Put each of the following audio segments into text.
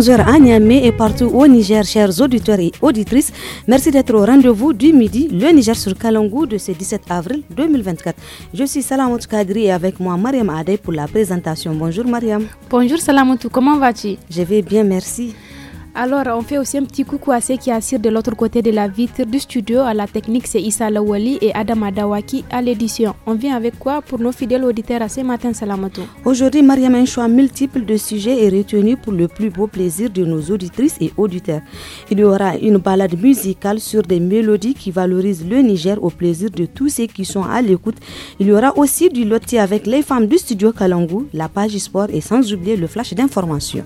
Bonjour h à et partout au Niger, chers auditeurs et auditrices. Merci d'être au rendez-vous du midi, le Niger sur Kalongo de ce 17 avril 2024. Je suis Salamoutou Kadri et avec moi Mariam Adey pour la présentation. Bonjour Mariam. Bonjour Salamoutou, comment vas-tu Je vais bien, merci. Alors, on fait aussi un petit coucou à ceux qui assirent de l'autre côté de la vitre du studio. À la technique, c'est Issa Lawali et Adam Adawaki à l'édition. On vient avec quoi pour nos fidèles auditeurs à ce matin, Salamato Aujourd'hui, Mariam, un choix multiple de sujets est retenu pour le plus beau plaisir de nos auditrices et auditeurs. Il y aura une balade musicale sur des mélodies qui valorisent le Niger au plaisir de tous ceux qui sont à l'écoute. Il y aura aussi du loti avec les femmes du studio Kalangu, la page sport et sans oublier le flash d'information.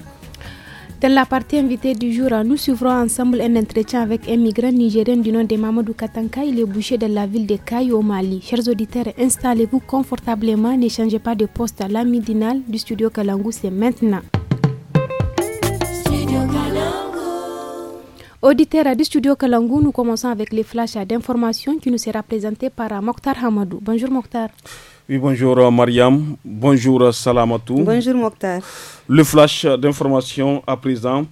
C'est la partie invitée du jour, nous suivrons ensemble un entretien avec un migrant nigérien du nom de Mamadou Katanka. Il est bouché de la ville de Kayo au Mali. Chers auditeurs, installez-vous confortablement, N'échangez pas de poste à la midinale du studio Kalangou, c'est maintenant. Auditeurs du studio Kalangou, nous commençons avec les flashs d'informations qui nous sera présenté par Mokhtar Hamadou. Bonjour Mokhtar. Oui, bonjour euh, Mariam, bonjour euh, Salamatou. Bonjour Mokhtar. Le flash d'information à présent.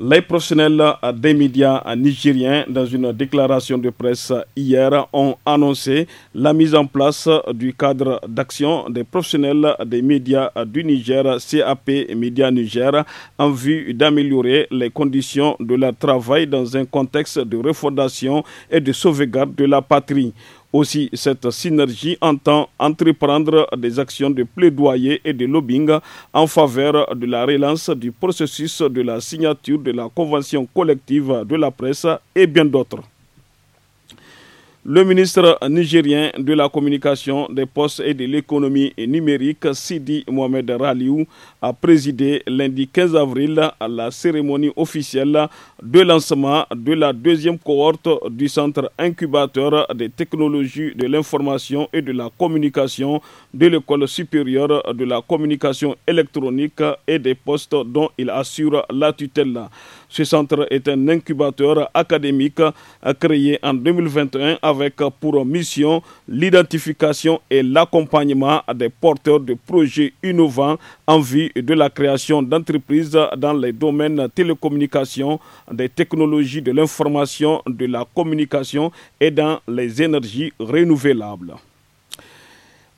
Les professionnels euh, des médias nigériens, dans une déclaration de presse hier, ont annoncé la mise en place du cadre d'action des professionnels des médias du Niger, CAP Média Niger, en vue d'améliorer les conditions de leur travail dans un contexte de refondation et de sauvegarde de la patrie aussi cette synergie entend entreprendre des actions de plaidoyer et de lobbying en faveur de la relance du processus de la signature de la convention collective de la presse et bien d'autres. Le ministre nigérien de la Communication, des Postes et de l'Économie numérique, Sidi Mohamed Raliou, a présidé lundi 15 avril à la cérémonie officielle de lancement de la deuxième cohorte du Centre incubateur des technologies de l'information et de la communication de l'École supérieure de la communication électronique et des postes dont il assure la tutelle. Ce centre est un incubateur académique créé en 2021 avec pour mission l'identification et l'accompagnement des porteurs de projets innovants en vue de la création d'entreprises dans les domaines télécommunications, des technologies de l'information, de la communication et dans les énergies renouvelables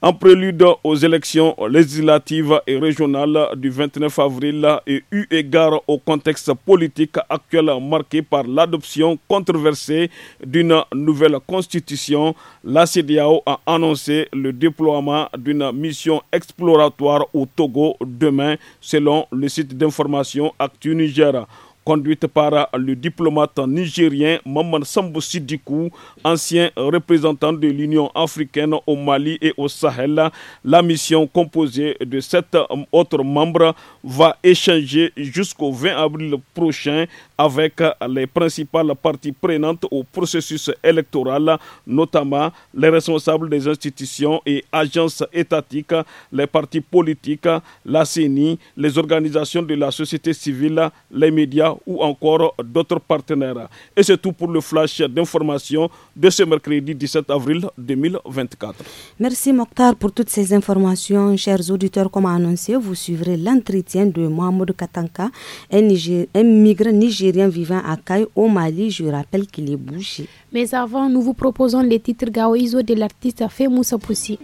en prélude aux élections législatives et régionales du 29 avril et eu égard au contexte politique actuel marqué par l'adoption controversée d'une nouvelle constitution, la CDAO a annoncé le déploiement d'une mission exploratoire au Togo demain, selon le site d'information Actu Niger conduite par le diplomate nigérien Maman Sambo Sidikou, ancien représentant de l'Union africaine au Mali et au Sahel. La mission composée de sept autres membres va échanger jusqu'au 20 avril prochain avec euh, les principales parties prenantes au processus électoral, notamment les responsables des institutions et agences étatiques, les partis politiques, la CENI, les organisations de la société civile, les médias ou encore d'autres partenaires. Et c'est tout pour le flash d'information de ce mercredi 17 avril 2024. Merci Mokhtar pour toutes ces informations. Chers auditeurs, comme annoncé, vous suivrez l'entretien de Mohamed Katanka, un, Niger, migrant nigérien rien vivant à Caille au Mali. Je rappelle qu'il est bouché. Mais avant, nous vous proposons les titres Gaoïso de l'artiste à Poussi.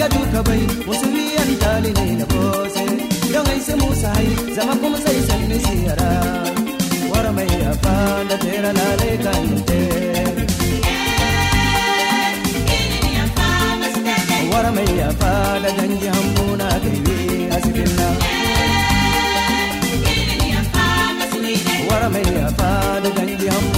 gadu kabai musuri an tali ne na kose yau ai se musa ai zama kuma sai san ne siyara wara mai afa da tera lale kan te wara mai afa da dangi hambuna gaiwe asibilla wara mai afa da dangi hambuna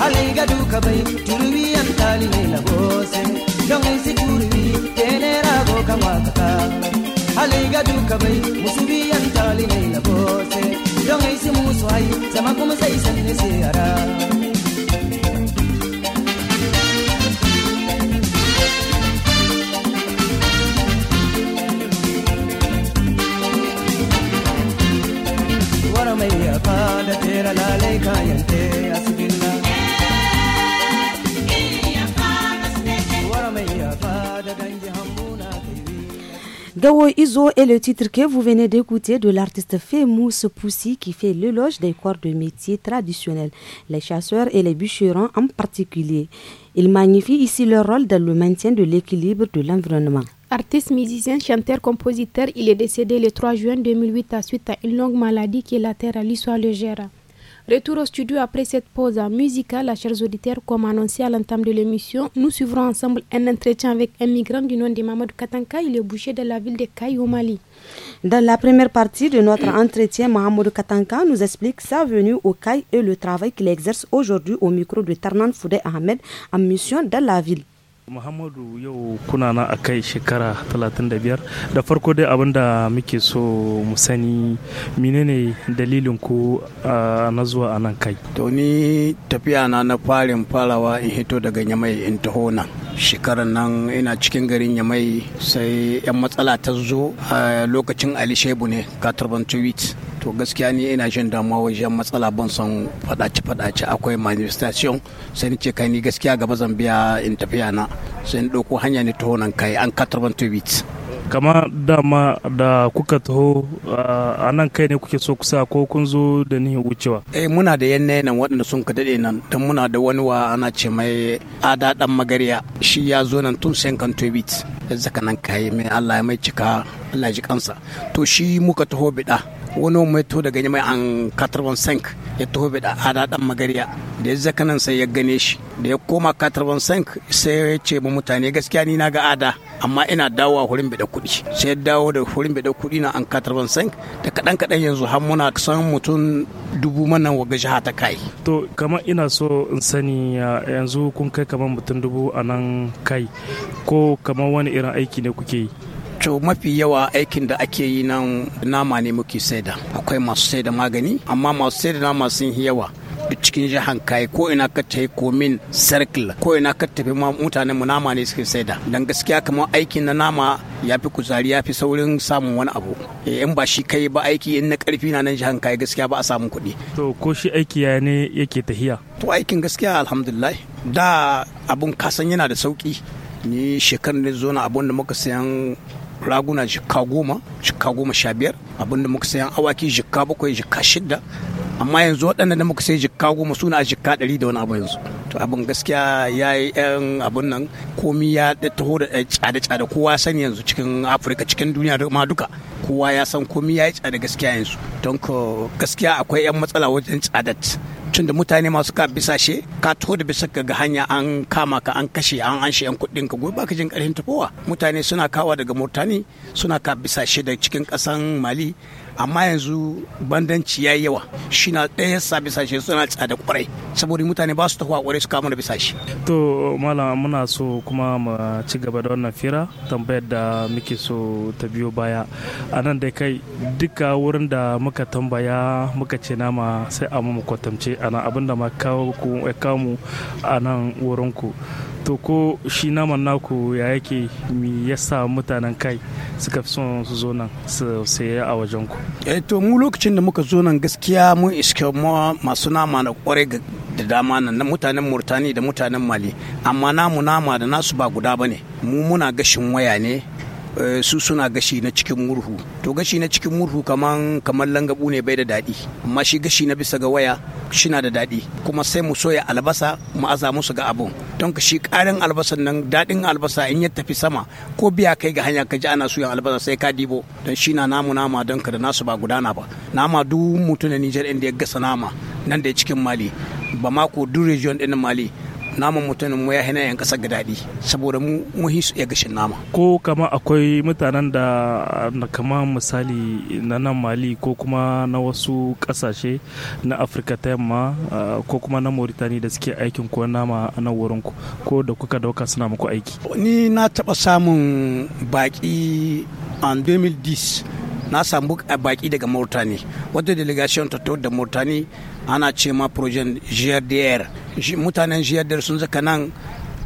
aliga duka kabay, turwi antali la bose dongai si turwi tenera go kamata aliga duka kabay, musubi antali la bose dongai si muswai sama kuma sai sanne se ara mai ya fada tera lalai kayan te asibin Gawo Iso est le titre que vous venez d'écouter de l'artiste Fémousse Poussi qui fait l'éloge des corps de métier traditionnels, les chasseurs et les bûcherons en particulier. Il magnifie ici leur rôle dans le maintien de l'équilibre de l'environnement. Artiste, musicien, chanteur, compositeur, il est décédé le 3 juin 2008 à suite à une longue maladie qui est terre à l'histoire légère. Retour au studio après cette pause musicale, chers auditeurs, comme annoncé à l'entame de l'émission, nous suivrons ensemble un entretien avec un migrant du nom de Mahmoud Katanka. Il est boucher de la ville de Kaye au Mali. Dans la première partie de notre entretien, Mahmoud Katanka nous explique sa venue au Kaye et le travail qu'il exerce aujourd'hui au micro de Tarnan Foudé Ahmed en mission dans la ville. muhammadu yau kuna na a kai shekara 35 da farko dai abin da muke so mu sani menene dalilin ku ah, na zuwa a nan kai to tafiya na na farin farawa in hito daga nyamai in taho nan shekarar nan ina cikin garin nyamai sai yan matsala ta zo a ah, lokacin ali shebu ne katarban tweet to gaskiya ni ina jin damuwa wajen matsala ban son fadace fadace akwai manifestation sai ni ce kai ni gaskiya gaba zan biya in tafiya na sai ni ɗauko hanya ne taho nan kai an katar to bit kama dama da kuka taho a nan kai ne kuke so kusa ko kun zo da ni wucewa eh muna da yanne nan waɗanda sun ka daɗe nan tun muna da wani wa ana ce mai ada dan magariya shi ya zo nan tun sai kan bit zaka nan kai mai Allah ya mai cika Allah ji kansa to shi muka taho bida wani mai to daga mai an sank ya taho bida a dadan magariya da ya zaka nan sai ya gane shi da ya koma sank sai ya ce mu mutane gaskiya ni na ga ada amma ina dawowa hurin bida kuɗi sai ya dawo da hurin bida kuɗi na an sank da kaɗan kaɗan yanzu har muna san mutum dubu manan waga jiha ta kai to kamar ina so in sani yanzu kun kai kamar mutum dubu a nan kai ko kamar wani irin aiki ne kuke yi to mafi yawa aikin da ake yi nan nama ne muke saida akwai masu saida magani amma masu saida nama sun yawa cikin jihar kai ko ina ka tafi komin circle ko ina ka tafi ma mutanen mu nama ne suke saida dan gaskiya kamar aikin na nama ya fi kuzari ya fi saurin samun wani abu eh, in ba shi kai ba aiki in na karfi na nan jihar kai gaskiya ba a samun kuɗi to ko shi aiki ya ne yake tahiya to aikin gaskiya alhamdulillah da abun kasan yana da sauki ni shekarun da zo na abun da muka sayan raguna jikka goma jikka goma sha biyar abinda muka sayan awaki jikka bakwai jikka shidda amma yanzu waɗanda da muka sai jikka goma suna a jikka ɗari da wani abu yanzu to abin gaskiya ya yi yan abun nan komi ya taho da tsada tsada kowa sani yanzu cikin afirka cikin duniya ma duka kowa ya san komi ya yi tsada gaskiya yanzu don gaskiya akwai yan matsala wajen tsadat tun da mutane masu ka bisashe ka taho da bisa ga hanya an kama ka an kashe an an yan kuɗin ka gobe ka jin ƙarfin tafowa mutane suna kawa daga murtani suna ka bisashe da cikin ƙasan mali amma yanzu bandanci ya yawa shi na ɗaya sa shi suna tsada kwarai saboda mutane ba su a kwarai su kama da shi. to malam muna so kuma mu ci gaba da wannan fira tambayar da muke so ta biyo baya a nan da kai duka wurin da muka tambaya muka ce nama sai a mu kwatamce a nan da ma kawo mu a nan wurin ku to ko shi naman naku ya yake mi ya sa mutanen kai suka fi son su zo nan su saye a wajen ku eh to mu lokacin da muka zo nan gaskiya mun iske masu nama na kware da dama nan na mutanen Murtani da mutanen Mali amma namu nama da nasu ba guda bane mu muna gashin waya ne Eh, su suna gashi na cikin murhu to gashi na cikin murhu kaman kaman langabu ne bai da daɗi amma shi gashi na bisa ga waya shina da daɗi kuma sai mu soya albasa mu aza musu ga abun don ka shi ƙarin albasan nan daɗin albasa in ya tafi sama ko biya kai ga hanya ka ji ana suyan albasa sai ka dibo don shi na namu nama don ka da nasu ba gudana ba nama duk mutum na Nijar inda ya gasa nama nan da cikin Mali ba mako duk region ɗin Mali naman mutumin mu ya hina yan kasar ga daɗi saboda mu muhi su iya gashin nama ko kama akwai mutanen da kama misali na nan mali ko kuma na wasu kasashe na afirka ta yamma ko kuma na mauritani da suke aikin ko nama a nan wurin ku ko da kuka dauka suna muku aiki ni na taba samun baki an 2010 na samu baki daga mauritani wata delegation ta da mauritani ana ce ma projen GDR mutanen GDR sun zaka nan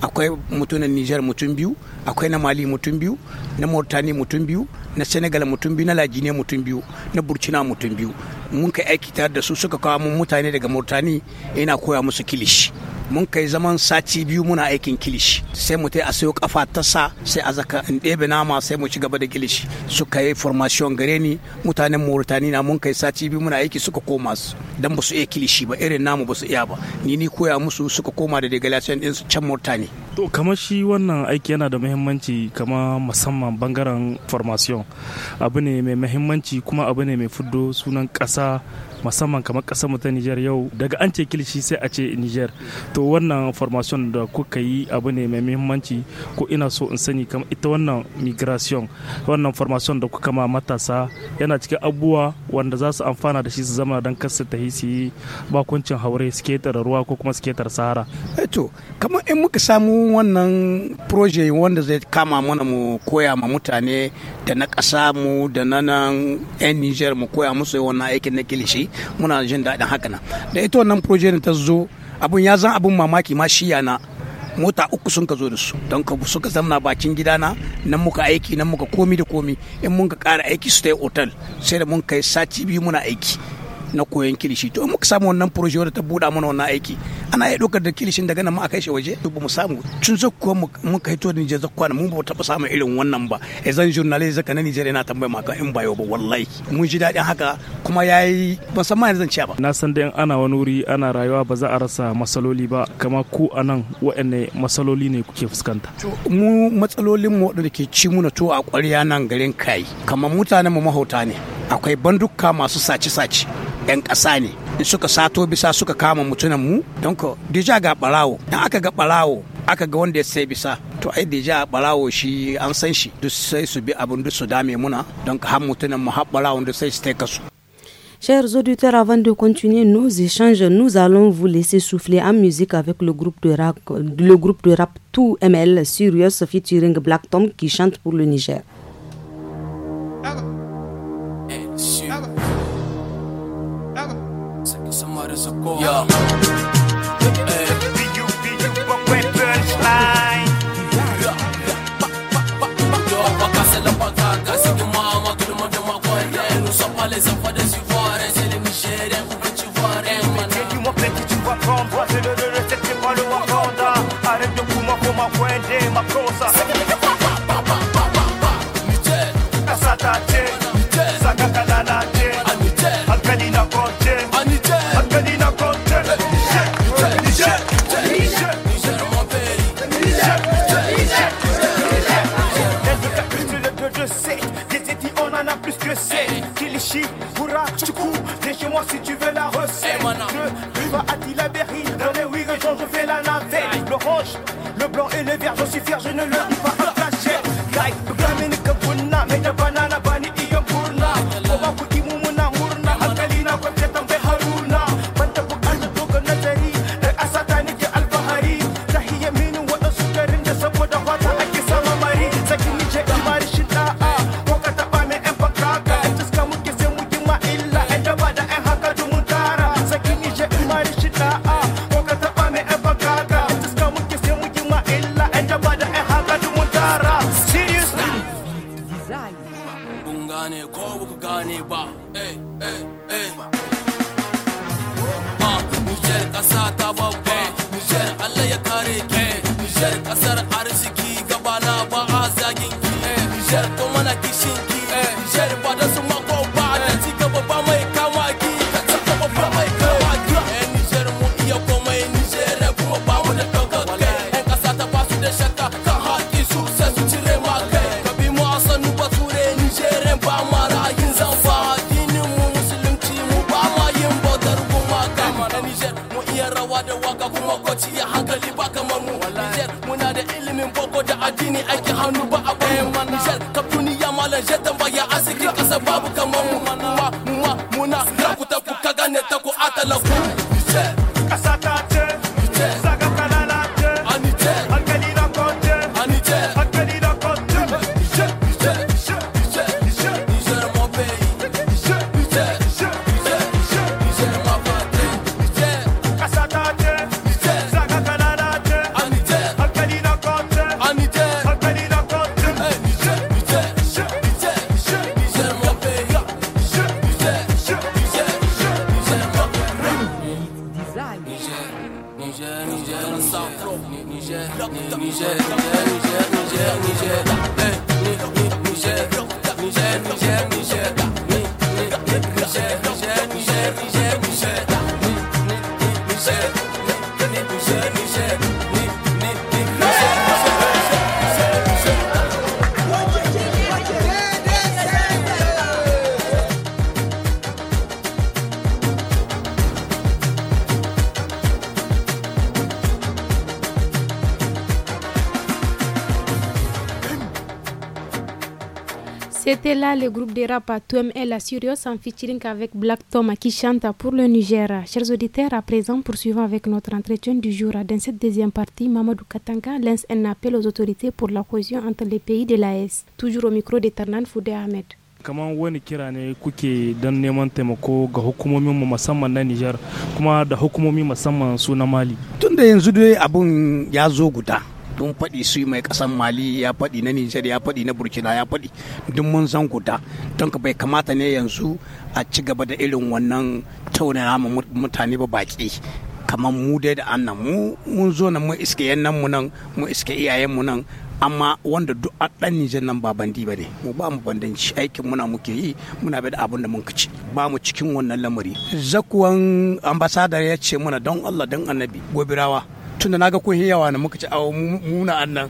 akwai mutunan niger mutum biyu akwai na mali mutum biyu na mauritania mutum biyu na senegal mutum biyu na Lajine mutum biyu na burkina mutum biyu mun kai aiki tare da su suka kawo mun mutane daga murtani ina koya musu kilishi mun kai zaman sati biyu muna aikin kilishi sai mu a sayo kafa ta sa sai a zaka in ɗebe nama sai mu ci gaba da kilishi suka yi formation gare ni mutanen murtani na mun kai sati biyu muna aiki suka koma su dan ba iya kilishi ba irin namu basu iya ba ni ni koya musu suka koma da degalation din su can murtani to kamar shi wannan aiki yana da muhimmanci kama musamman bangaren formation abu ne mai muhimmanci kuma abu ne mai fuddo sunan ƙasa 啊。musamman kamar kasar ta Nijar yau daga an ce kilishi sai a ce nijar to wannan formation da kuka yi abu ne mai muhimmanci ko ina so in sani kamar ita wannan migration wannan formation da kuka ma matasa yana cikin abubuwa wanda za su amfana da shi su zama dan kasar ta hisi bakuncin haure suke ruwa ko kuma suke sahara eh to kamar in muka samu wannan project wanda zai kama mana mu koya ma mutane da na ƙasa mu da na nan 'yan Nijar mu koya musu wannan aikin na kilishi muna jin daɗin haka nan da ita wannan proje ta zo abun ya zan abun mamaki ma shiya na mota uku sun ka zo da su don ka suka zamna bakin gidana nan muka aiki nan muka komi da komi in mun ka ƙara aiki su ta yi otal sai da mun kai sati biyu muna aiki na koyon kilishi to in muka samu wannan projet da ta buɗa mana wannan aiki ana iya ɗaukar da kilishin daga nan ma a kai shi waje to ba mu samu tun kuwa mun kai to Nijar na mu ba taɓa samun irin wannan ba a eh, zan journalist zaka na Nijar yana tambaya maka in ba ba wallahi mun ji daɗin haka kuma yayi ban san ma zan ce ba na san da ana wani wuri ana rayuwa ba za a rasa masaloli ba kama ku anan waɗanne masaloli ne kuke fuskanta mu matsalolin mu da ke ci muna na to a ƙwarya nan garin kai kamar mutanen mu mahauta ne akwai banduka masu sace-sace 'yan ƙasa ne in suka sato bisa suka kama mutunan mu don ko deja ga barawo in aka ga barawo aka ga wanda ya sai bisa to ai deja barawo shi an san shi duk sai su bi abin duk su dame muna don ka har mutunan mu har barawon duk sai su taika su Chers auditeurs, avant de continuer nos échanges, nous allons vous laisser souffler en musique avec le groupe de rap, le groupe de rap tout ml Sirius featuring Black Tom qui chante pour le Niger. Yeah. Yeah darajar tambaya a cikin ƙasa babu kamar mu Voilà le groupe de rap à 2ML Sirius en featuring avec Black Tom qui chante pour le Niger. Chers auditeurs, à présent, poursuivons avec notre entretien du jour. Dans cette deuxième partie, Mamadou Katanga lance un appel aux autorités pour la cohésion entre les pays de l'AS. E Toujours au micro de Tarnan Foudé Ahmed. kamar wani kira ne kuke don neman taimako ga hukumominmu musamman na Nijar kuma da hukumomi musamman su na Mali. Tun da yanzu dai abun ya zo guda. dun faɗi su mai ƙasan mali ya faɗi na nijar ya faɗi na burkina ya faɗi duk mun san guda don bai kamata ne yanzu a ci gaba da irin wannan tauna ma mutane ba baƙi kamar mu dai da annan mu mun zo nan mu iske yannan mu nan mu iske iyayen mu nan amma wanda duk a dan Nijar nan ba bandi ba ne mu ba mu bandanci aikin muna muke yi muna bai da abin da mun ci ba mu cikin wannan lamari zakuwan ambasadar ya ce muna don Allah don annabi gobirawa tun da naga kun yawa na muka ci a muna annan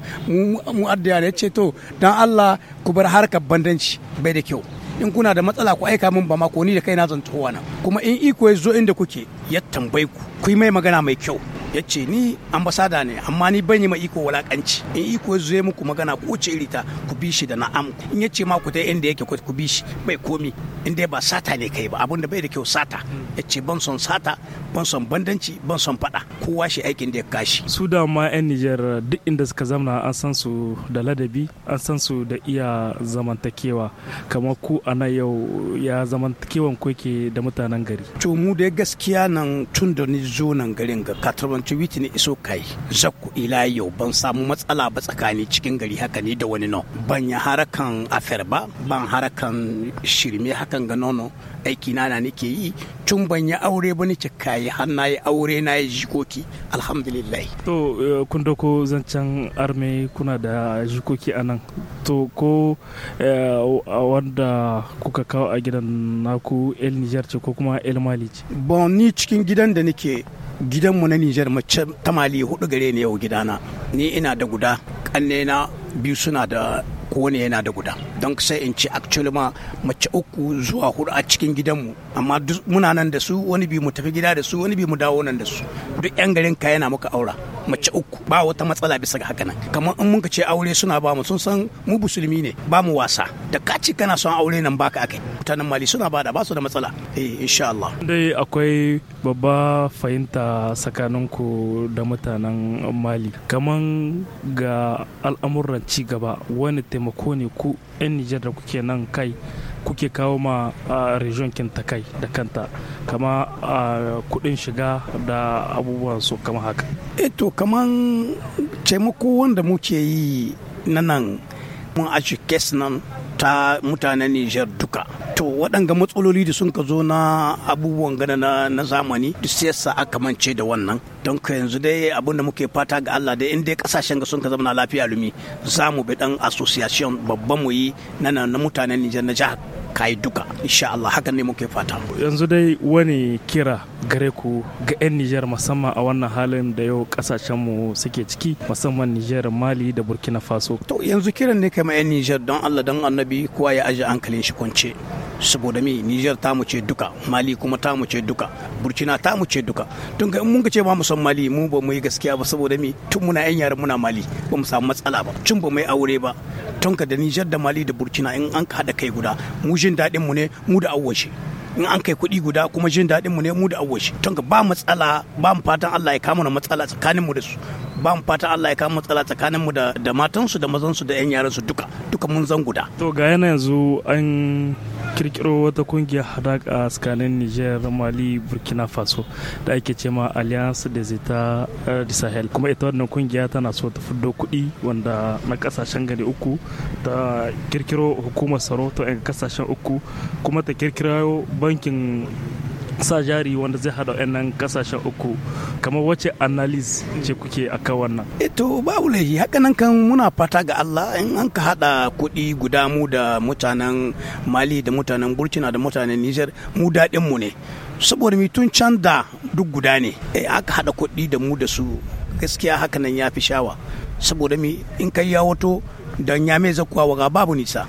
mu addiya ne ce to dan Allah ku bar harkar bandanci bai da kyau in kuna da matsala ku aika min ba ma ko ni da kaina zan tuwa na kuma in iko ya zo inda kuke ya tambaye ku ku yi mai magana mai kyau ya ce ni ambasada ne amma ni ban yi ma iko walakanci in iko ya zuye muku magana ko ce iri ta ku bi shi da na'am in ya ce ma ku ta inda yake ku bi shi bai komi in dai ba sata ne kai ba abin da bai da kyau sata ya ce ban son sata ban son bandanci ban son fada kowa shi aikin da ya kashi su da ma yan Nijar duk inda suka zamana an san su da ladabi an san su da iya zamantakewa kamar ku a nan yau ya zamantakewan ku yake da mutanen gari to mu da gaskiya nan tun da ni zo nan garin ga katarban wancan witi ne iso kai zakku ila yau ban samu matsala ba tsakani cikin gari haka ne da wani no ban ya harakan afer ba ban harakan shirme hakan ga nono aiki na na nake yi tun ban ya aure ba nake kai har na yi aure na yi jikoki alhamdulillah to eh, kun doko zancen arme kuna da jikoki anan to ko eh, wanda kuka kawo a gidan naku el niger ce ko kuma el mali ce bon ni cikin gidan da nake gidanmu na Nijar mace ta mali hudu gare ne yau gidana ni ina da guda na biyu suna da kowane yana da guda don sai in ce actually ma mace uku zuwa hudu a cikin gidanmu amma muna nan da su wani bi mu tafi gida da su wani bi mu dawo nan da su duk yan garin ka yana muka aura mace uku ba wata matsala bisa ga haka nan kamar in muka ce aure suna ba mu sun san mu musulmi ne ba mu wasa da kaci kana son aure nan baka akai mutanen mali suna ba da ba su da matsala eh insha Allah dai akwai babba fahimta tsakaninku da mutanen mali kaman ga al'amuran ci gaba wani taimako ne ku 'yan nijar da kuke nan kai kuke kawo ma a region kinta kai da kanta kama a kudin shiga da abubuwan su kama haka eto eh kaman taimako wanda muke yi na nan mun aji kes nan ta mutanen Nijar duka. To waɗanga matsaloli da sun ka zo na abubuwan gana na, zamani da siyasa aka mance da wannan. Don ka yanzu dai abin da muke fata ga Allah da in dai kasashen ga sun ka zama lafiya lumi za mu bi dan association babban mu yi na mutanen Nijar na jihar kayi duka insha Allah hakan ne muke fata yanzu dai wani kira gare ku ga 'yan Nijar musamman a wannan halin da yau kasashen mu suke ciki musamman Nijar Mali da Burkina Faso to yanzu kiran ne kamar 'yan Nijar don Allah don Annabi kowa ya aje hankalin shi kunce saboda me Nijar ta mu ce duka Mali kuma ta mu ce duka Burkina ta mu ce duka tun ga mun ga ce ba mu san Mali mu ba mu yi gaskiya ba saboda me tun muna 'yan yaran muna Mali ba mu samu matsala ba tun ba mu aure ba tun ka da Nijar da Mali da Burkina in an ka haɗa kai guda mu jin daɗin mu ne mu da awwashi in an kai kuɗi guda kuma jin daɗin mu ne mu da awwashi don ba matsala ba mu fatan Allah ya kama matsala tsakanin mu da su ba mu fatan Allah ya kama matsala tsakanin mu da su da mazansu da yan yaran su duka duka mun zan guda to ga yana yanzu an kirkiro wata kungiyar hadaka tsakanin niger mali burkina faso da ake ce ma alliance des États eh, du sahel kuma ita wannan kungiya tana so ta fiddo kuɗi wanda na kasashen gari uku ta kirkiro hukumar Saroto ta kasashen uku kuma ta kirkiro bankin sa jari wanda zai hada nan kasashen uku kamar wace analis ce kuke akan wannan eto babu laifi haka nan kan muna fata ga Allah in an ka hada kuɗi guda mu da mutanen Mali da mutanen Burkina da mutanen Niger mu daɗin mu ne saboda mi tun can da duk guda ne eh aka hada kuɗi da mu da su gaskiya haka nan ya fi shawa saboda mi in kai ya wato dan ya mai zakuwa waga babu nisa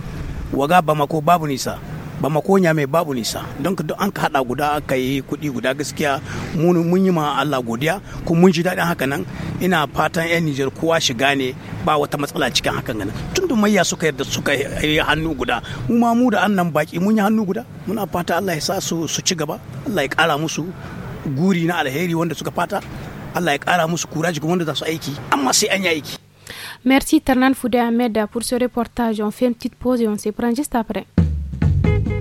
waga bamako babu nisa ba makonya mai babu nisa don ka an ka hada guda aka yi kuɗi guda gaskiya mun yi ma Allah godiya ko mun ji daɗin haka nan ina fatan yan Nijar kowa shiga ne ba wata matsala cikin hakan nan tun da mayya suka yarda suka yi hannu guda mu ma mu da annan baki mun yi hannu guda muna fata Allah ya sa su su ci gaba Allah ya kara musu guri na alheri wanda suka fata Allah ya kara musu kuraji wanda za su aiki amma sai an yi aiki Merci Ternan Fouda Ahmed pour ce reportage. On fait une petite pause et on se prend juste après.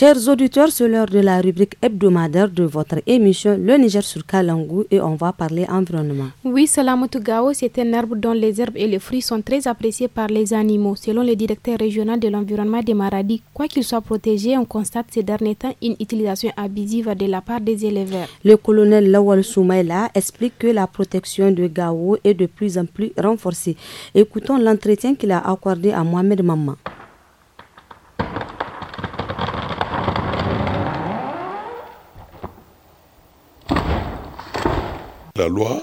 Chers auditeurs, c'est l'heure de la rubrique hebdomadaire de votre émission Le Niger sur Kalangou et on va parler environnement. Oui, Salamoto Gao, c'est un arbre dont les herbes et les fruits sont très appréciés par les animaux. Selon le directeur régional de l'environnement des Maradi, quoi qu'il soit protégé, on constate ces derniers temps une utilisation abusive de la part des éleveurs. Le colonel Lawal Soumaïla explique que la protection de Gao est de plus en plus renforcée. Écoutons l'entretien qu'il a accordé à Mohamed Maman. La loi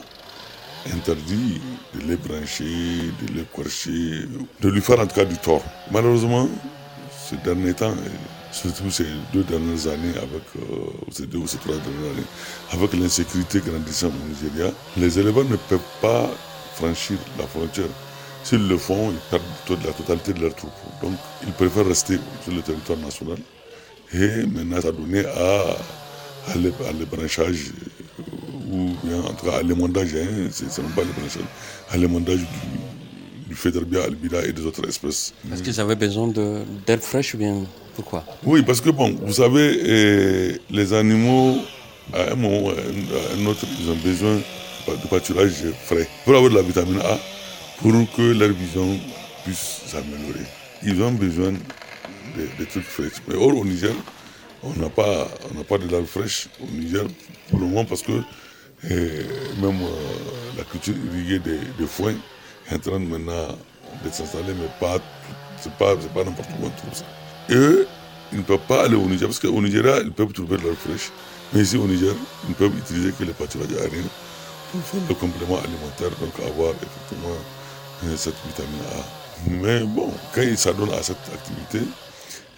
interdit de les brancher, de les percher, de lui faire en tout cas du tort. Malheureusement, ces derniers temps, surtout ces deux dernières années, avec, euh, ces deux ou ces trois dernières années, avec l'insécurité grandissante au Nigeria, les élèves ne peuvent pas franchir la frontière. S'ils le font, ils perdent la totalité de leur troupeau. Donc, ils préfèrent rester sur le territoire national. Et maintenant, ça a à, à, le à les branchages ou bien en tout cas à hein, c'est même pas à du, du albida et des autres espèces. ce qu'ils avaient besoin d'herbes fraîche ou bien pourquoi Oui, parce que bon, vous savez, les animaux, à un moment, à un autre, ils ont besoin de pâturage frais pour avoir de la vitamine A, pour que leur vision puisse s'améliorer. Ils ont besoin des de trucs frais. Mais or, au Niger, on n'a pas, on pas de l'herbe fraîche au Niger pour le moment parce que et même euh, la culture irriguée des, foin foins est en train maintenant de s'installer, mais pas, c'est pas, n'importe où on trouve ça. Et ils ne peuvent pas aller au Niger, parce qu'au Nigeria, ils peuvent trouver leur fraîche. Mais ici, au Niger, ils ne peuvent utiliser que les pâturages aériens pour faire le complément alimentaire, donc avoir effectivement euh, cette vitamine A. Mais bon, quand ils s'adonnent à cette activité,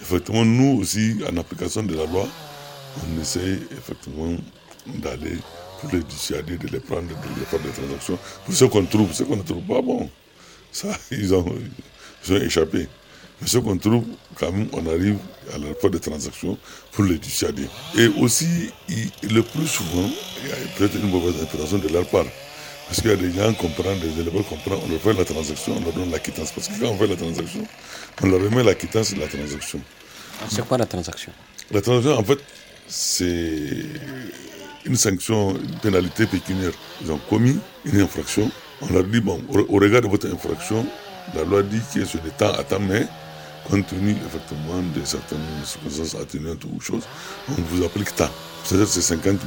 effectivement, nous aussi, en application de la loi, on essaie effectivement d'aller pour les dissuader de les prendre, de les faire des transactions. Pour ceux qu'on trouve, ceux qu'on ne trouve pas, bon, ça, ils ont, ils ont échappé. Mais ceux qu'on trouve, quand même, on arrive à leur faire des transactions pour les dissuader. Et aussi, le plus souvent, il y a peut-être une mauvaise intervention de leur part. Parce qu'il y a des gens qui comprennent, des élèves qui comprennent, on leur fait la transaction, on leur donne la quittance. Parce que quand on fait la transaction, on leur remet la quittance de la transaction. C'est ah, quoi la transaction La transaction, en fait, c'est une sanction, une pénalité pécuniaire. Ils ont commis une infraction. On leur dit, bon, au regard de votre infraction, la loi dit que c'est des temps à temps, mais compte tenu effectivement de certaines circonstances atténuantes ou choses, on vous applique tant. C'est-à-dire c'est 50 000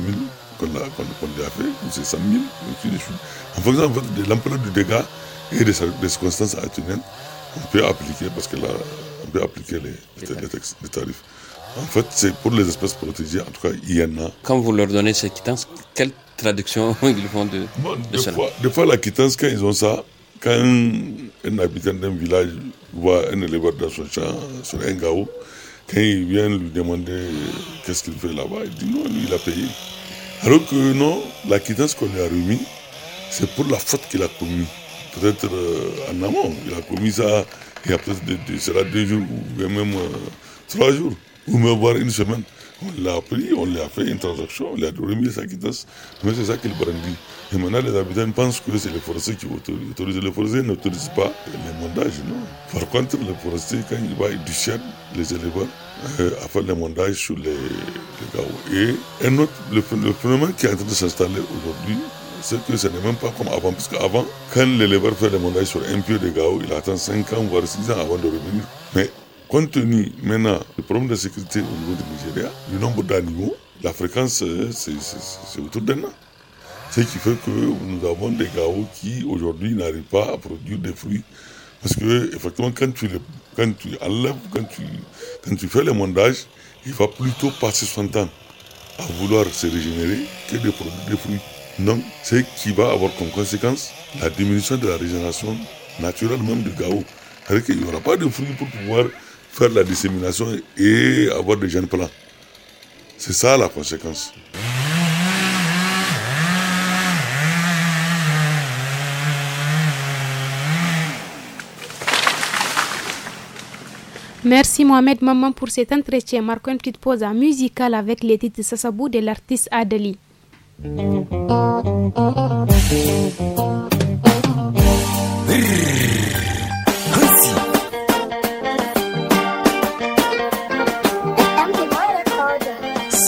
qu'on a fait, ou c'est 100 000, En fonction en fonction de l'ampleur du dégât et des, circonstances atténuantes, on peut appliquer, parce que on peut appliquer les tarifs. En fait, c'est pour les espèces protégées, en tout cas, il y en a. Quand vous leur donnez ces quittances, quelle traduction ils font de, de, cela Des fois, la quittance, quand ils ont ça, quand un habitant d'un village voit un éleveur dans son champ, sur un gaou, quand il vient lui demander euh, qu'est-ce qu'il fait là-bas, il dit non, il a payé. Alors que non, la quittance qu'on lui a remis, c'est pour la faute qu'il a commise. Peut-être euh, en amont, il a commis ça, il y a peut-être deux jours ou même euh, trois jours ou me voir une semaine. On l'a pris, on lui a fait une transaction, on l'a a remis sa quittance, mais c'est ça qu'il brandit. Et maintenant, les habitants pensent que c'est les forestiers qui autorisent. Les forestiers n'autorisent pas les mondages, non. Par contre, les forestiers, quand ils va, ils déchaînent les éleveurs à faire les mondages sur les, les Et un autre, le, phénomène qui est en train de s'installer aujourd'hui, c'est que ce n'est même pas comme avant. Parce qu'avant, quand l'éleveur fait les mondages sur un pieu de gao, il attend 5 ans, voire 6 ans avant de revenir. Mais Compte tenu maintenant du problème de sécurité au niveau du Nigeria, du nombre d'animaux, la fréquence, euh, c'est autour d'un an. Ce qui fait que nous avons des chaos qui aujourd'hui n'arrivent pas à produire des fruits. Parce que, effectivement, quand tu, les, quand tu enlèves, quand tu, quand tu fais le mondage, il va plutôt passer son temps à vouloir se régénérer que de produire des fruits. Donc, ce qui va avoir comme conséquence la diminution de la régénération naturelle même du gaou. C'est-à-dire qu'il n'y aura pas de fruits pour pouvoir faire de la dissémination et avoir des jeunes plans. C'est ça la conséquence. Merci Mohamed Maman pour cet entretien. Marquons une petite pause musicale avec les titres de Sassabou de l'artiste Adeli. Mmh.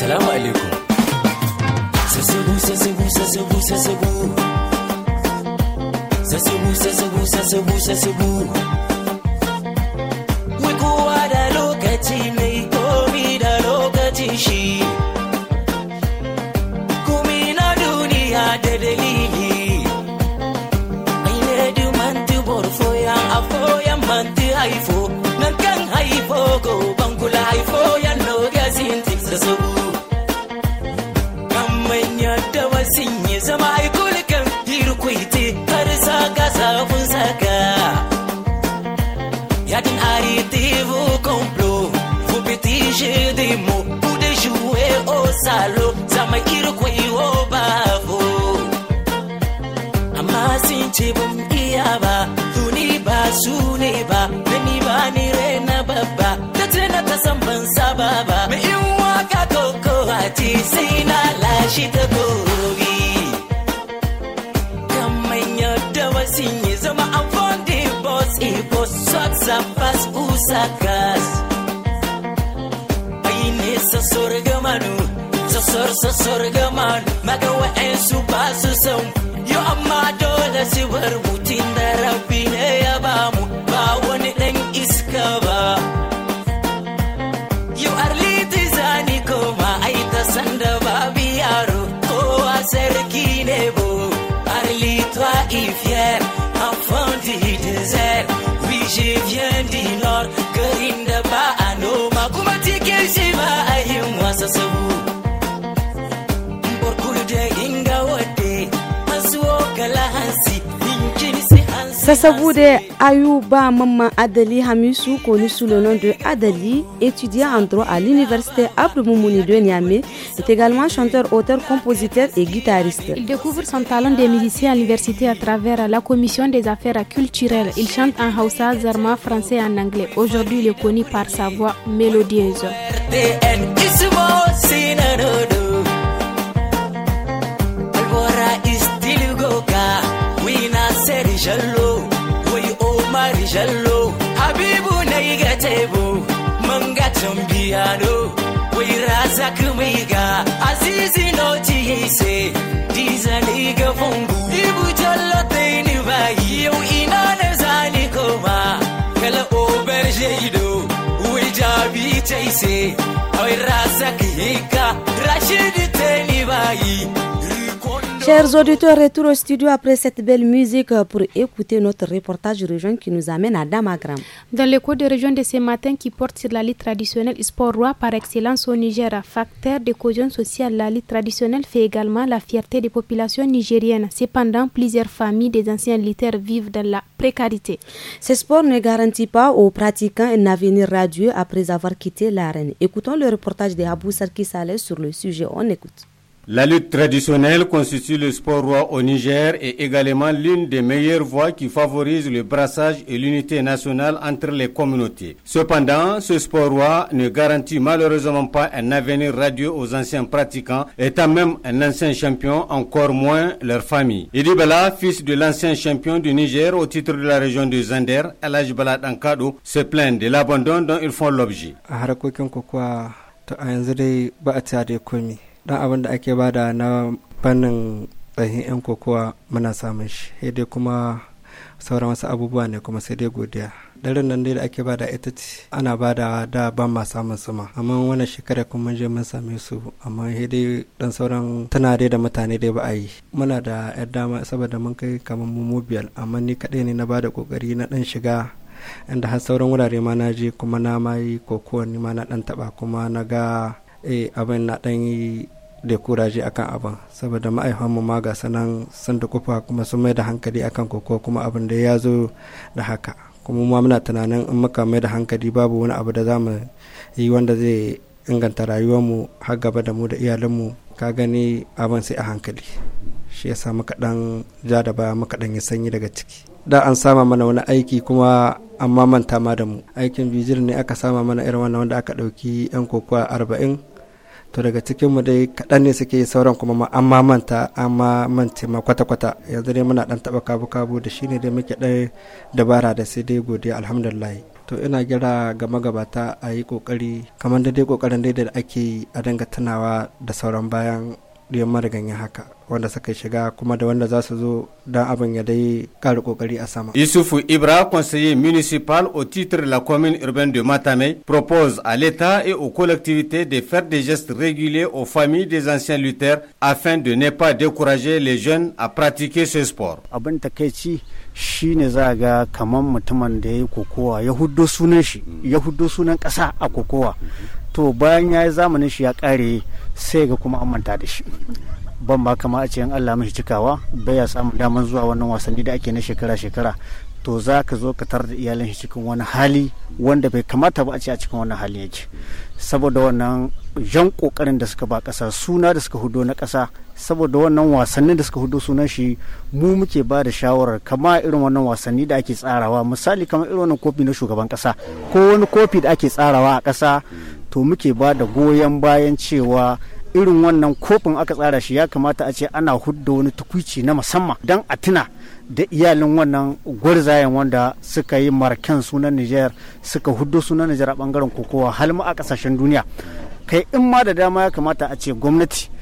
Assalamu alaikum. Sasebu, sasebu, sasebu, sasebu. Sasebu, sasebu, sasebu, sasebu. Mai kowa da lokaci mai komi da lokaci shi. Kumi na duniya da dalili. Ai ne du mantu borfoya, afoyan mantu haifo. Nan kan haifo, goban kula haifo ya salo zama kirku iwo babu amma sun ce ban iya ba ne ba su ne ba gani ba ni na babba ta ce na ta san ban saba ba mai in waka kokowa ce sai na lashe ta gobe kamar yadda wasu yi zama a fondi boss ibo e socks and pass usakas Ay, nesa sorga sassar sassar gama maga wa'ansu ba su san yo amma dole da rabbi ne ya ba mu ba wani iska ba yo ai ta sanda yaro sarki ne bo je nord ba kuma shi ba wasa sabu Sassabou de Ayouba Mama Adali Hamissou, connu sous le nom de Adali, étudiant en droit à l'université Abdou Moumouni de Niamey, est également chanteur, auteur, compositeur et guitariste. Il découvre son talent de musicien à l'université à travers la commission des affaires culturelles. Il chante en Hausa, Zarma, français et en anglais. Aujourd'hui, il est connu par sa voix mélodieuse. jallo habibu na yi ga tebo man ga tambiyano wai razak mai ga azizi no ji se diza ni ga fungu ibu jallo dai ni ba yau ina na zani koma kala ober jaido wai jabi tai se wai razak yi ga rashidi tai ni ba yi Chers auditeurs, retour au studio après cette belle musique pour écouter notre reportage région qui nous amène à Damagram. Dans le cours de région de ce matin qui porte sur la lutte traditionnelle sport roi par excellence au Niger, facteur de cohésion sociale, la lutte traditionnelle fait également la fierté des populations nigériennes. Cependant, plusieurs familles des anciens litères vivent dans la précarité. Ce sport ne garantit pas aux pratiquants un avenir radieux après avoir quitté l'arène. Écoutons le reportage de Abou Sarki sur le sujet. On écoute. La lutte traditionnelle constitue le sport roi au Niger et également l'une des meilleures voies qui favorise le brassage et l'unité nationale entre les communautés. Cependant, ce sport roi ne garantit malheureusement pas un avenir radieux aux anciens pratiquants, étant même un ancien champion, encore moins leur famille. Bala, fils de l'ancien champion du Niger au titre de la région de Zander, El Bala Dankado, se plaint de l'abandon dont ils font l'objet. dan abin da ake bada na fannin tsayin 'yan kokowa muna samun shi dai kuma sauran wasu abubuwa ne kuma sai dai godiya daren nan dai da ake bada ita ce ana bada da ban ma samun suma amma wannan shekara kuma je mun same su amma he dai dan sauran tana dai da mutane dai ba a yi muna da yar dama saboda mun kai kamar mu mobile amma ni kadai ne na bada kokari na dan shiga inda har sauran wurare ma na je kuma na ma yi kokowa ni ma na dan taba kuma na ga Eh, abin na ɗan yi da kuraje akan abin saboda ma'aikanmu ma ga sanan sun da kufa kuma sun mai da hankali akan koko kuma abin da ya zo da haka kuma ma muna tunanin in muka mai da hankali babu wani abu da za mu yi wanda zai inganta rayuwar mu har gaba da mu da iyalinmu ka gani abin sai a hankali shi yasa muka dan ja da baya muka dan yi sanyi daga ciki da an sama mana wani aiki kuma amma manta ma da mu aikin bijir ne aka sama mana irin wannan wanda aka ɗauki 'yan kokowa arba'in to daga cikin mu dai kaɗan ne suke sauran kuma an ma manta an ma mance ma kwata-kwata yanzu dai muna ɗan taɓa kabu-kabu da shi ne dai muke ɗan dabara da sai dai godiya alhamdulillah to ina gira ga magabata a yi ƙoƙari kamar da dai ƙoƙarin dai da ake yi a dinga tunawa da sauran bayan diyan mariganya haka wanda suka shiga kuma da wanda za su zo don abin ya dai ƙara ƙoƙari a sama. Issoufou Ibra, conseiller municipal au titre de la commune urbaine de Matamé, propose à l'État et aux collectivités de faire des gestes réguliers aux familles des anciens lutteurs afin de ne pas décourager les jeunes à pratiquer ce sport. Abin takaici shi ne za ga kamar mutumin da ya yi kokowa ya huddo sunan shi ya huddo sunan ƙasa a kokowa to bayan ya yi zamanin shi ya kare sai ga kuma an manta da shi ban ba kama a ce in Allah mashi cikawa bai ya samu daman zuwa wannan wasanni da ake na shekara-shekara to za ka zo ka tar da iyalin shi cikin wani hali wanda bai kamata ba a ce a cikin wani hali yake saboda wannan jan kokarin da suka ba kasa suna da suka hudo na kasa saboda wannan wasannin da suka hudu sunan shi mu muke ba da shawarar kama irin wannan wasanni da ake tsarawa misali kamar irin wannan kofi na shugaban kasa ko wani kofi da ake tsarawa a kasa to muke ba da goyon bayan cewa irin wannan kofin aka tsara shi ya kamata a ce ana hudda wani tukwici na musamman don a tuna da iyalin wannan gwarzayen wanda suka yi marken sunan Nijar suka hudu sunan Nijar a bangaren kokowa har a kasashen duniya kai in ma da dama ya kamata a ce gwamnati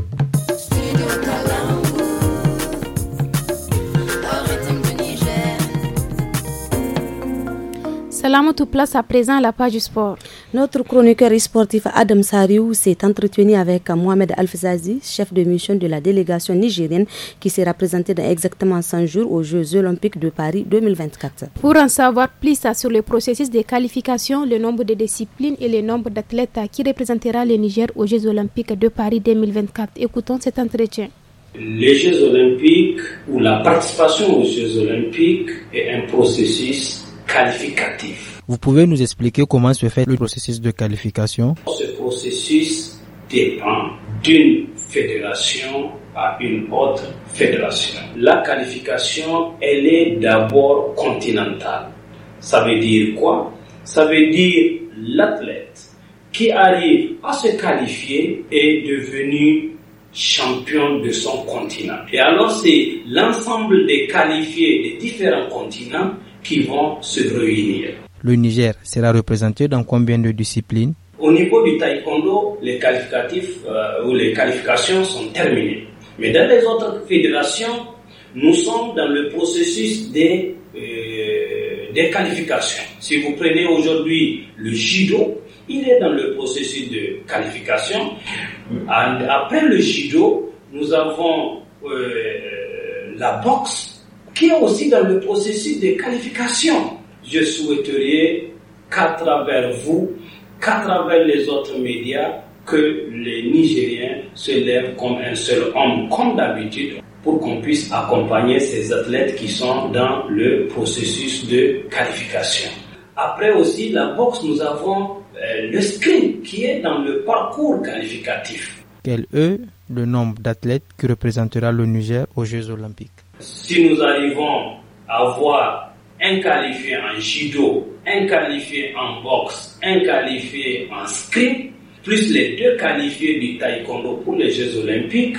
tout place à présent à la page du sport. Notre chroniqueur sportif Adam Sariou s'est entretenu avec Mohamed Alfazazi, chef de mission de la délégation nigérienne qui sera représentée dans exactement 100 jours aux Jeux olympiques de Paris 2024. Pour en savoir plus sur le processus de qualification, le nombre de disciplines et le nombre d'athlètes qui représentera le Niger aux Jeux olympiques de Paris 2024, écoutons cet entretien. Les Jeux olympiques ou la participation aux Jeux olympiques est un processus qualificatif. Vous pouvez nous expliquer comment se fait le processus de qualification Ce processus dépend d'une fédération à une autre fédération. La qualification, elle est d'abord continentale. Ça veut dire quoi Ça veut dire l'athlète qui arrive à se qualifier est devenu champion de son continent. Et alors c'est l'ensemble des qualifiés des différents continents qui vont se réunir. Le Niger sera représenté dans combien de disciplines Au niveau du taekwondo, les qualificatifs euh, ou les qualifications sont terminées. Mais dans les autres fédérations, nous sommes dans le processus des, euh, des qualifications. Si vous prenez aujourd'hui le judo, il est dans le processus de qualification. Après le judo, nous avons euh, la boxe qui est aussi dans le processus de qualification. Je souhaiterais qu'à travers vous, qu'à travers les autres médias, que les Nigériens se lèvent comme un seul homme, comme d'habitude, pour qu'on puisse accompagner ces athlètes qui sont dans le processus de qualification. Après aussi la boxe, nous avons euh, le sprint qui est dans le parcours qualificatif. Quel est le nombre d'athlètes qui représentera le Niger aux Jeux olympiques si nous arrivons à avoir un qualifié en judo, un qualifié en boxe, un qualifié en script, plus les deux qualifiés du taekwondo pour les Jeux olympiques,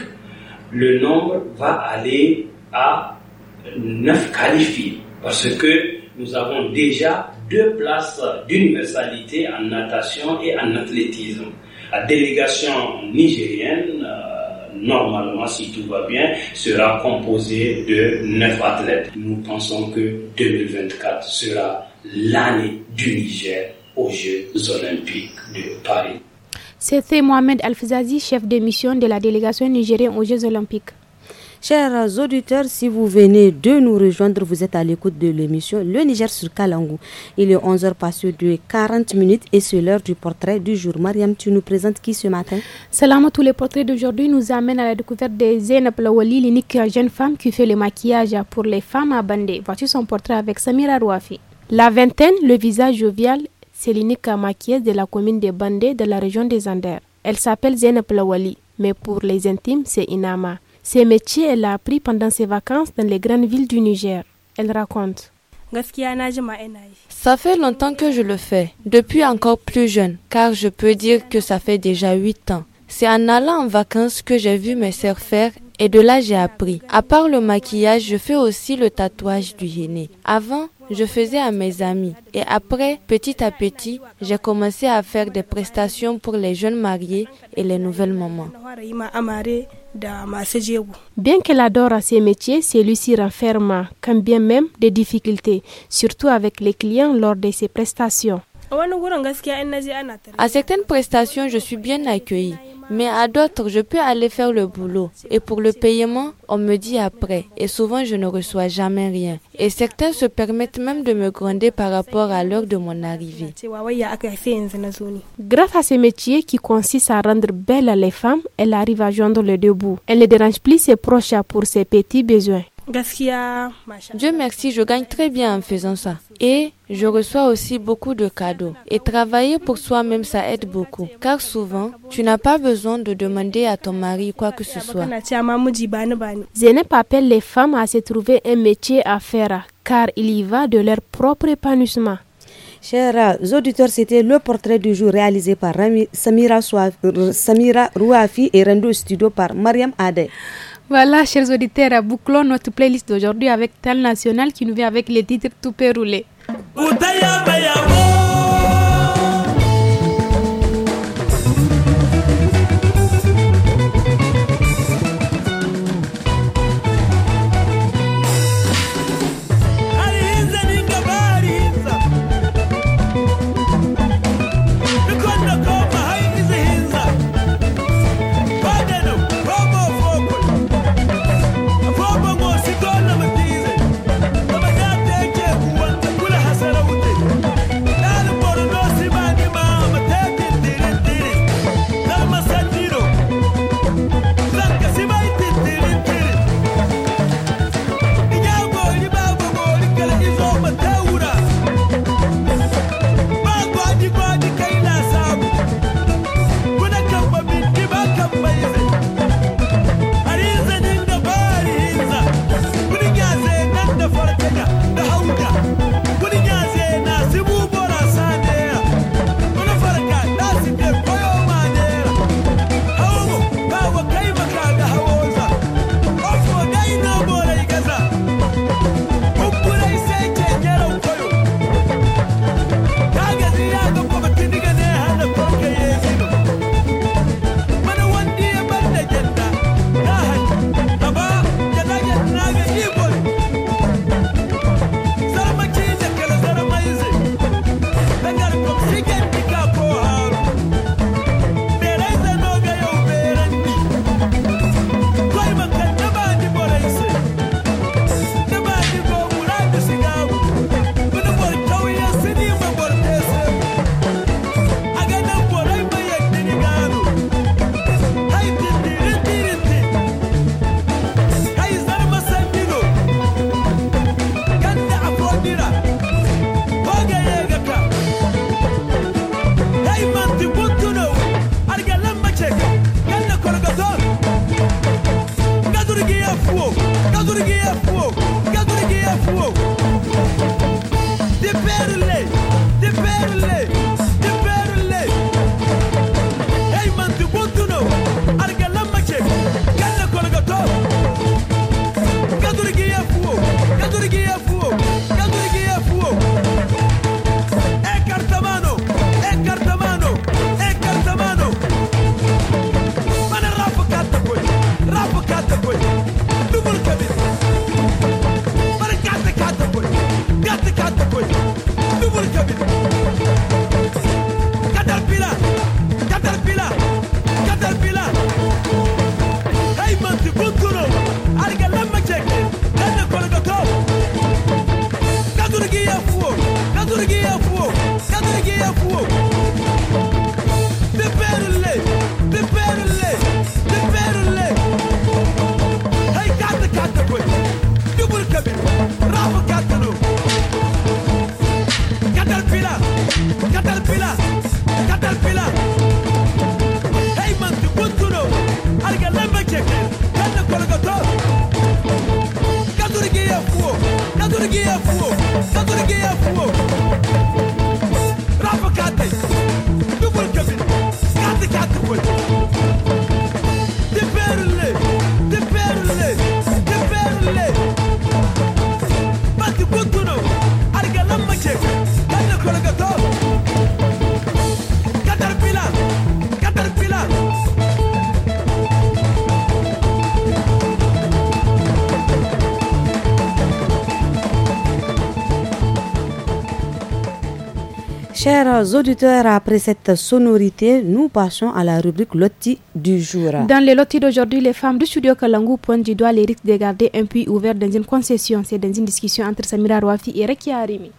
le nombre va aller à 9 qualifiés. Parce que nous avons déjà deux places d'universalité en natation et en athlétisme. La délégation nigérienne euh, normalement, si tout va bien, sera composé de 9 athlètes. Nous pensons que 2024 sera l'année du Niger aux Jeux olympiques de Paris. C'était Mohamed Alfazazi, chef de mission de la délégation nigérienne aux Jeux olympiques. Chers auditeurs, si vous venez de nous rejoindre, vous êtes à l'écoute de l'émission Le Niger sur Kalangou. Il est 11h 40 minutes et c'est l'heure du portrait du jour. Mariam, tu nous présentes qui ce matin Salam tous les portraits d'aujourd'hui nous amènent à la découverte de Zeynep Lawali, l'unique jeune femme qui fait le maquillage pour les femmes à Bandé. Voici son portrait avec Samira Rouafi. La vingtaine, le visage jovial, c'est l'unique maquilleuse de la commune de Bandé de la région des Anders. Elle s'appelle Zeynep Lawali, mais pour les intimes, c'est Inama. Ces métiers, elle l'a appris pendant ses vacances dans les grandes villes du Niger. Elle raconte. Ça fait longtemps que je le fais, depuis encore plus jeune, car je peux dire que ça fait déjà huit ans. C'est en allant en vacances que j'ai vu mes sœurs faire et de là j'ai appris. À part le maquillage, je fais aussi le tatouage du henné. Avant, je faisais à mes amis. Et après, petit à petit, j'ai commencé à faire des prestations pour les jeunes mariés et les nouvelles mamans. Bien qu'elle adore ses métiers, celui-ci renferme quand bien même des difficultés, surtout avec les clients lors de ses prestations. À certaines prestations, je suis bien accueillie. Mais à d'autres, je peux aller faire le boulot. Et pour le paiement, on me dit après. Et souvent, je ne reçois jamais rien. Et certains se permettent même de me gronder par rapport à l'heure de mon arrivée. Grâce à ce métier qui consiste à rendre belles les femmes, elle arrive à joindre le debout. Elle ne dérange plus ses proches pour ses petits besoins. Dieu merci, je gagne très bien en faisant ça. Et je reçois aussi beaucoup de cadeaux. Et travailler pour soi-même, ça aide beaucoup. Car souvent, tu n'as pas besoin de demander à ton mari quoi que ce soit. Zeynep appelle les femmes à se trouver un métier à faire, car il y va de leur propre épanouissement. Chers auditeurs, c'était le portrait du jour réalisé par Samira, Rouafi et rendu au studio par Mariam Ade. Voilà, chers auditeurs, à bouclons notre playlist d'aujourd'hui avec Tal National qui nous vient avec les titres Tout peut Chers auditeurs, après cette sonorité, nous passons à la rubrique Loti du jour. Dans les lotis d'aujourd'hui, les femmes du studio Kalangu pointent du doigt les risques de garder un puits ouvert dans une concession. C'est dans une discussion entre Samira Rouafi et Rekia Arimi.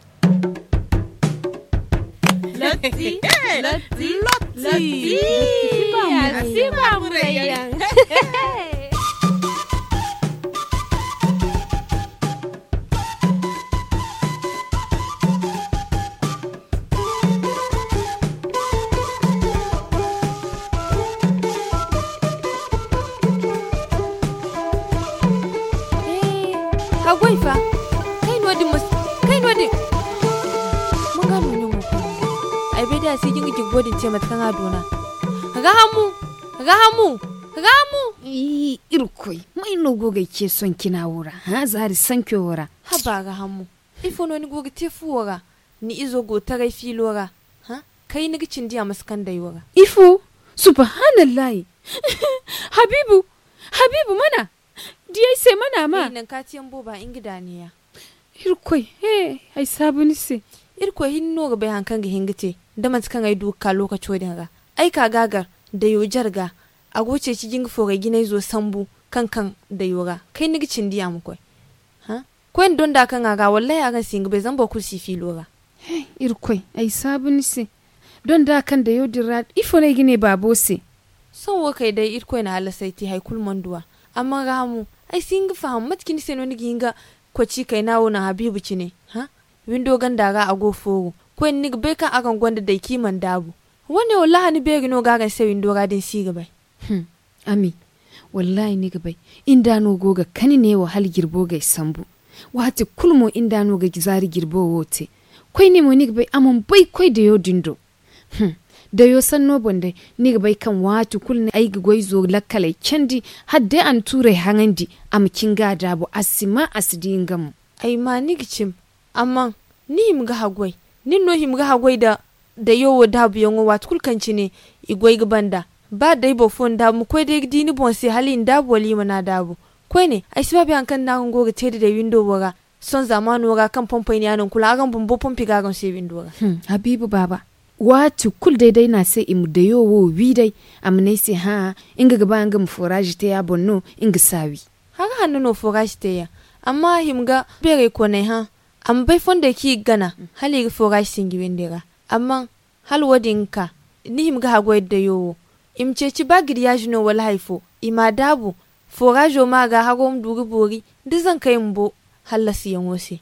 godin ce mata tanga dona rahamu rahamu rahamu irkoi mai no goga ke son kina wura ha zari san ke wura ha ba ifo no ni goga te fu wura ni izo go tarai filora ha kai ni gicin diya maskan dai wura ifo subhanallahi habibu habibu mana diya sai mana ma nan katiyan boba in gida ne ya irkoi he ai sabuni se irkoi hinno ga bai hankan ga hingite da man kan ai duka lokaci din ga ai ka gagar da yo jarga a goce ci jing foga gina zo sambu kan kan da ga kai ni gicin diya mu koi ha kwen don da kan ga wallahi a kan singi bai zan ba ku si filo ga hey irkoi ai ni si don da kan da yo dira ifo ne gine babo si son wo kai dai irkoi na sai ti haikul manduwa amma ga mu ai singi faham matkin senoni ginga ci kai nawo na habibu cine ha windo ganda ga a fogo kwen nik beka akan gwanda da kiman dabu wani wallahi ni begi no gagan sewin dora gadin si gabai hmm. ami wallahi ni gabai inda no goga kani ne wa hal girbo ga sambu wati kulmo inda no ga gizari girbo wote kwai ne mo ni gabai amon bai kwai da yo dindo hmm. da yo san no bonde ni gabai kan wati kulne ai gwai zo lakkale kendi hadde an ture hangandi am kinga dabu asima asidi ngamu ai ma ni gicim amma ni im ga hagwai nin no himga ha goida da yo wada bu yongo wat kanci ne gbanda ba dai bo fon da mu koi dai dini bon si halin da boli mana da bu koi ne ai siba bi kan na hungo ga tede da window wora son zamanu wora kan pompo ne anan kula agan bon pompi ga gon si window wora hmm, habibu baba watu kul dai-dai na sai imu da wo wi dai amne si ha inga gaba anga mu forage te ya bonno inga sawi haka hannu no forage te ya amma himga bere ko ne ha amma bai fonda ki gana hali foga singi wendera amma hal wadinka nihim ga hago da yo im ceci ba ya jino wal haifo ima dabu forajo ma ga hago m duri bori duk zan kai mbo halasi yan wose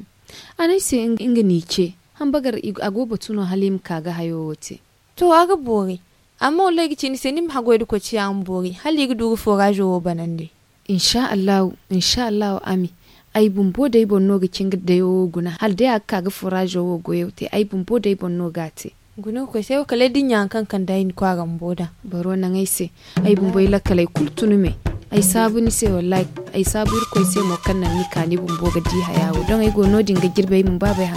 anai se inga ni ce han bagar agoba tuno halim ga hayo wote to aga bori amma wallahi gici ni senim hago da ko ci an bori hali ga duri forajo wo banande insha Allah insha Allah ami ay bumbo day bonno de da guna hal aka ga furajo wo goyo te ay bumbo day bonno gati guna ko o ko dinya kan kan in kwa boda baro na ngai se ay bumbo ila kultunu sabu ni se like. ay sabu ko mo kan ni kani di don ay go nodin ga girbe mun babai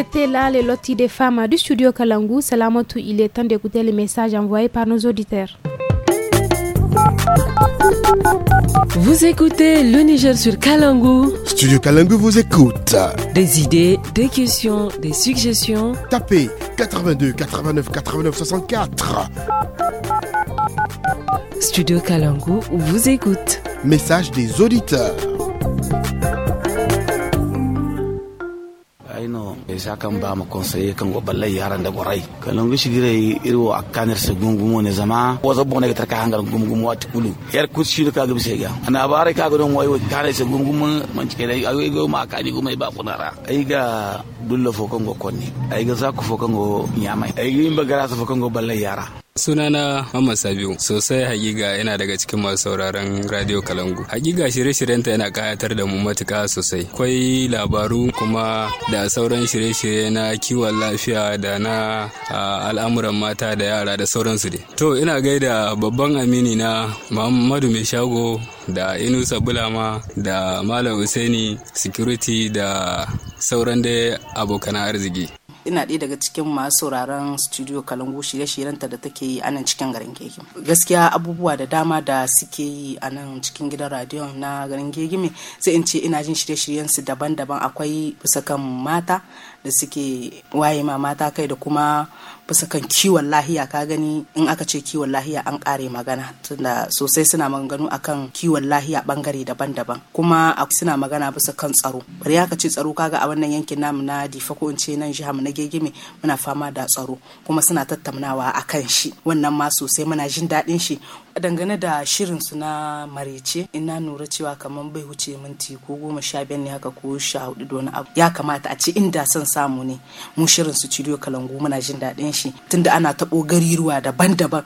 C'était là les lotis des femmes du studio Kalangu. Salamoto, il est temps d'écouter les messages envoyés par nos auditeurs. Vous écoutez le Niger sur Kalangu. Studio Kalangu vous écoute. Des idées, des questions, des suggestions. Tapez 82 89 89 64. Studio Kalangu vous écoute. Message des auditeurs. isa kan ba mu conseiller kan go ballai yaran da gorai kalan go shigire irwo akaner se gungumo ne zama ko zabbo ne tarka hangal gungumo wat kulu yar kushi ka gum se ga ana bare ka gudun wayo kare se gungumo man cike dai ayo go ma ka ni go mai ba kunara ai ga dulla fokan go konni ai ga zaku fokan go nyama ai ga bagara gara fokan go ballai yara Sunana Mamman Sabiu sosai hakika yana daga cikin masu sauraron Radio Kalangu. Hakika shirye-shiryenta yana kayatar da mu matuka sosai. Akwai labaru kuma da sauran shirye-shirye na kiwon lafiya da na al'amuran mata da yara da sauransu dai. To ina gaida babban amini na Muhammadu Mai Shago da Inusa Bulama da Malam Usaini Security da sauran dai abokan arziki. ina ɗaya daga cikin masu sauraron studio kalangu shirye-shiryenta da take yi anan cikin garin gegime gaskiya abubuwa da dama da suke yi a nan cikin gidan radio na garin gegime sai in ce ina jin shirye-shiryen su daban-daban akwai bisa kan mata da suke waye ma mata kai da kuma bisa kan kiwon lahiya ka gani in aka ce kiwon lahiya an kare magana tunda sosai suna maganganu akan kiwon lahiya bangare daban-daban kuma suna magana bisa kan tsaro bari aka ce tsaro kaga a wannan yankin namu na difa ko in ce nan jiha mu na gegeme muna fama da tsaro kuma suna tattaunawa akan shi wannan ma sosai muna jin daɗin shi dangane da shirin su na marece ina nura cewa kamar bai wuce minti ko goma sha biyar ne haka ko sha hudu da abu ya kamata a ce inda son samu ne mu shirin su cidiyo kalangu muna jin daɗin shi tunda ana taɓo gariruwa daban-daban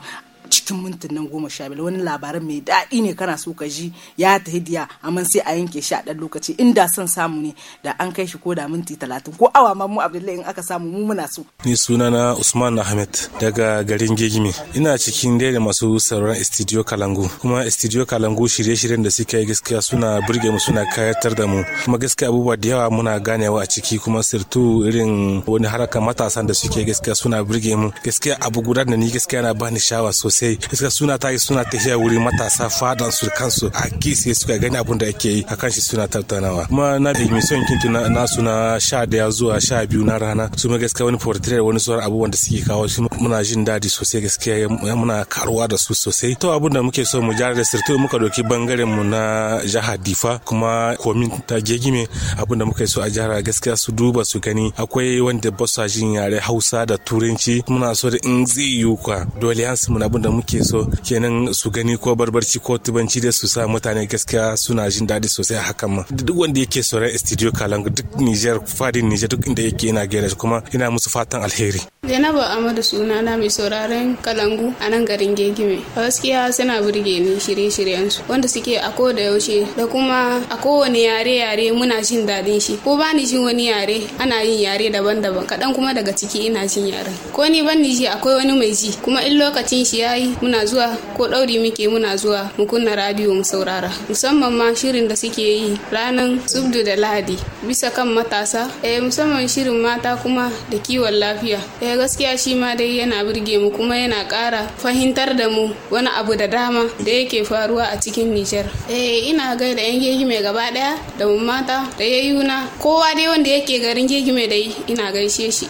cikin mintin nan goma sha biyar wani labarin mai daɗi ne kana so ka ji ya ta hidiya amma sai a yanke shi a ɗan lokaci inda son samu ne da an kai shi ko da minti talatin ko awa ma mu abdullahi in aka samu mu muna so. ni sunana usman ahmed daga garin gegime ina cikin dai masu sauran studio kalangu kuma studio kalangu shirye-shiryen da suka yi gaskiya suna burge mu suna kayatar da mu kuma gaskiya abubuwa da yawa muna ganewa a ciki kuma sirtu irin wani haraka matasan da suke gaskiya suna burge mu gaskiya abu guda da ni gaskiya na bani shawa sosai yi suka suna ta yi suna tafiya wuri matasa fadan su kansu a kisi suka gani abin da ake yi akan shi suna tattaunawa kuma na mai son kintu na suna sha daya zuwa sha biyu na rana su ma gaskiya wani portrait wani sauran abubuwan da suke kawo shi muna jin daɗi sosai gaskiya muna karuwa da su sosai to abin da muke so mu jara da sirtu muka doki bangaren mu na jihar difa kuma komin ta gegime abin da muka so a jihar gaskiya su duba su gani akwai wanda ba jin yare hausa da turanci muna so da in zai yi kwa dole hansu mun abin da muke muke so kenan su gani ko barbarci ko tubanci da su sa mutane gaskiya suna jin daɗi sosai a hakan ma duk wanda yake sauran studio kalangu duk Niger fadin Niger duk inda yake ina gaira kuma ina musu fatan alheri Zainabu Ahmadu suna na mai sauraren kalangu a nan garin Gegime gaskiya suna burge ni shirye-shiryen su wanda suke a ko da yaushe da kuma a kowane yare-yare muna jin daɗin shi ko ba ni jin wani yare ana yin yare daban-daban kaɗan kuma daga ciki ina jin yaren ko ni ban ni ji akwai wani mai ji kuma in lokacin shi yayi muna zuwa ko ɗauri muke muna zuwa mu kunna radiyo mu saurara musamman ma shirin da suke yi ranar subdu da lahadi bisa kan matasa eh musamman shirin mata kuma da kiwon lafiya eh gaskiya shi ma dai yana burge mu kuma yana ƙara fahimtar da mu wani abu da dama da yake faruwa a cikin Nijar eh ina gaida yan gegi mai gaba daya da mu mata da yayyuna kowa dai wanda yake garin gegi mai dai ina gaishe shi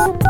Thank you.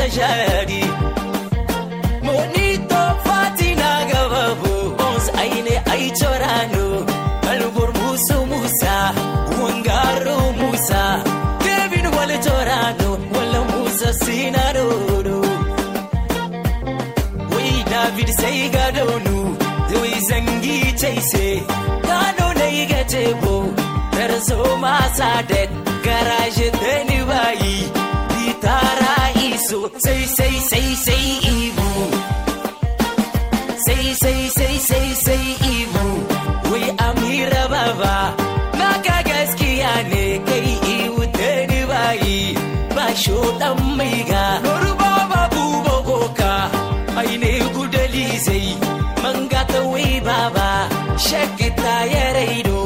masa monito fatina gababu bons aine aichorano albur musu musa wangaro musa kevin wale chorano wala musa sinaroro wai david sai gadonu wai zangi chase gano nai gajebo tarzo masa dek garage deni bai so sai sai sai ibu sai sai sai sai sai wai amira baba maka gaskiya ne kai iwu ta ni bayi ba shoɗan mai ga Yoruba babu bogoka ai ne gudali sai manga ta wai baba shakita ya raido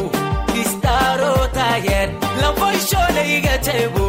istaro ta yar lafai ne ga tebo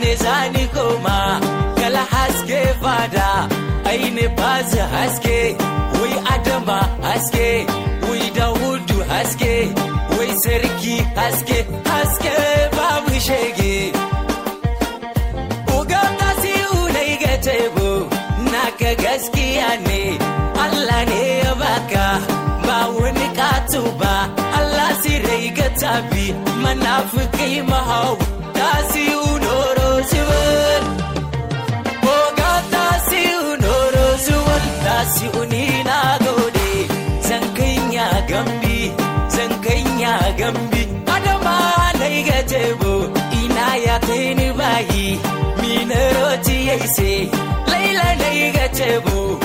ne ni koma kala haske fada ai ne haske wai adama haske wai dawudu haske wai sarki haske haske babu shege uga kasiu unai ga tebo ka gaskiya ne Allah ne ya baka ba wani katu ba Allah sirai ga tabi kai mahau tasiu gajebo inaayateenibaayi miinerootiyeyse laylanayigajebo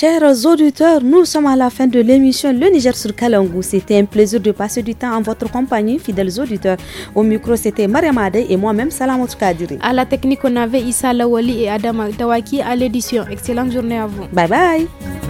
Chers auditeurs, nous sommes à la fin de l'émission Le Niger sur Kalangou. C'était un plaisir de passer du temps en votre compagnie, fidèles auditeurs. Au micro, c'était Mariamade et moi-même, Salamot Kadiri. À la technique, on avait Issa Lawali et Adam Tawaki. à l'édition. Excellente journée à vous. Bye bye.